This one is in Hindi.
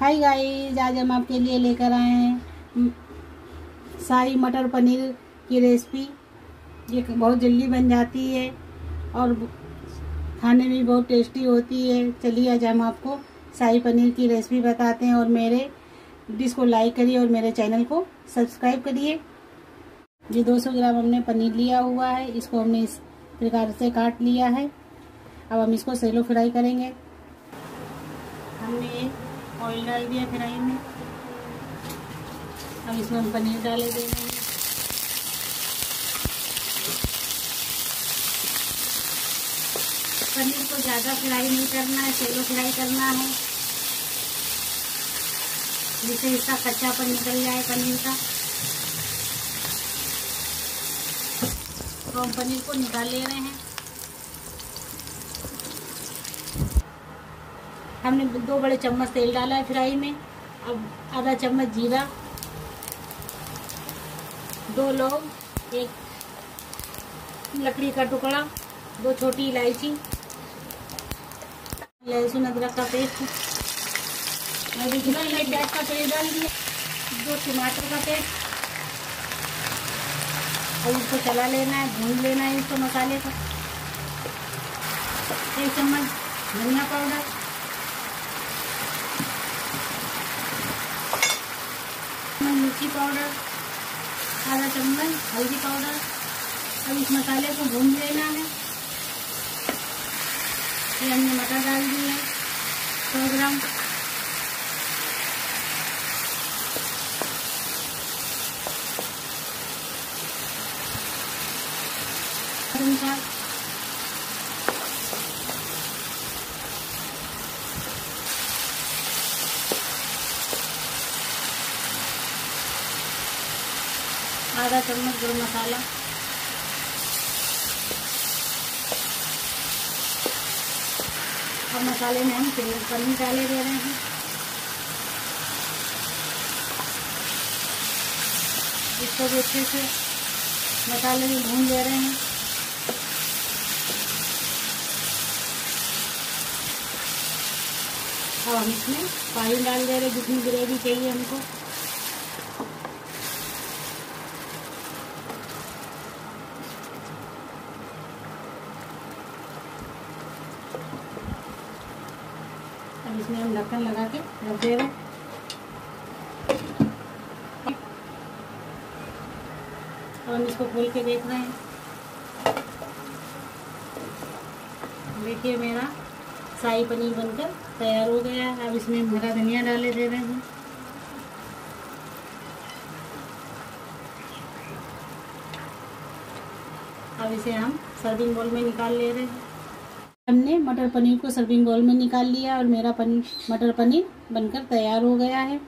हाय गाइस आज हम आपके लिए लेकर आए हैं शाही मटर पनीर की रेसिपी ये बहुत जल्दी बन जाती है और खाने में बहुत टेस्टी होती है चलिए आज हम आपको शाही पनीर की रेसिपी बताते हैं और मेरे डिश को लाइक करिए और मेरे चैनल को सब्सक्राइब करिए ये 200 ग्राम हमने पनीर लिया हुआ है इसको हमने इस प्रकार से काट लिया है अब हम इसको सेलो फ्राई करेंगे हमने ऑयल डाल दिया कढ़ाई में अब इसमें हम पनीर डाले देंगे पनीर को ज़्यादा फ्राई नहीं करना है तेलो फ्राई करना है जिससे इसका कच्चापन निकल जाए पनीर का तो हम पनीर को निकाल ले रहे हैं हमने दो बड़े चम्मच तेल डाला है फ्राई में अब आधा चम्मच जीरा दो लौंग एक लकड़ी का टुकड़ा दो छोटी इलायची लहसुन अदरक का पेस्ट प्याज का पेस्ट डाल दिया दो टमाटर का पेस्ट और इसको चला लेना है भून लेना है इसको मसाले को एक चम्मच धनिया पाउडर चम्मच मिर्ची पाउडर आधा चम्मच हल्दी पाउडर अब इस मसाले को भून लेना है फिर हमने मटर डाल दिए सौ ग्राम अनुसार आधा चम्मच गुड़ मसाला अब मसाले में हम पिंजर पनीर डाले दे रहे हैं इसको भी अच्छे से मसाले में भून दे रहे हैं और हम इसमें पानी डाल दे रहे हैं जितनी ग्रेवी चाहिए हमको जिसमें हम ढक्कन लगा के रख दे रहे और हम इसको खोल के देख रहे हैं देखिए मेरा शाही पनीर बनकर तैयार हो गया है अब इसमें हरा धनिया डाले दे रहे हैं अब इसे हम सर्विंग बोल में निकाल ले रहे हैं हमने मटर पनीर को सर्विंग बॉल में निकाल लिया और मेरा पनीर मटर पनीर बनकर तैयार हो गया है